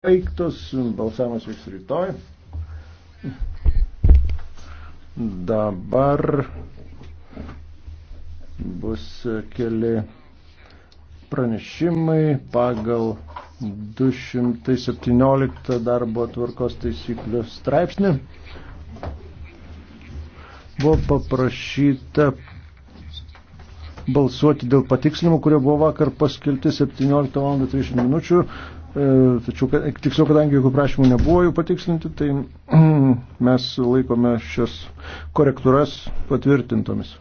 baigtos, balsavimas vyks rytoj. Dabar bus keli pranešimai pagal 217 darbo tvarkos taisyklių straipsnį. Buvo paprašyta balsuoti dėl patikslinimų, kurie buvo vakar paskelbti 17.30 min. E, tačiau, tiksliau, kadangi jokių prašymų nebuvo jų patikslinti, tai mes laikome šias korektūras patvirtintomis.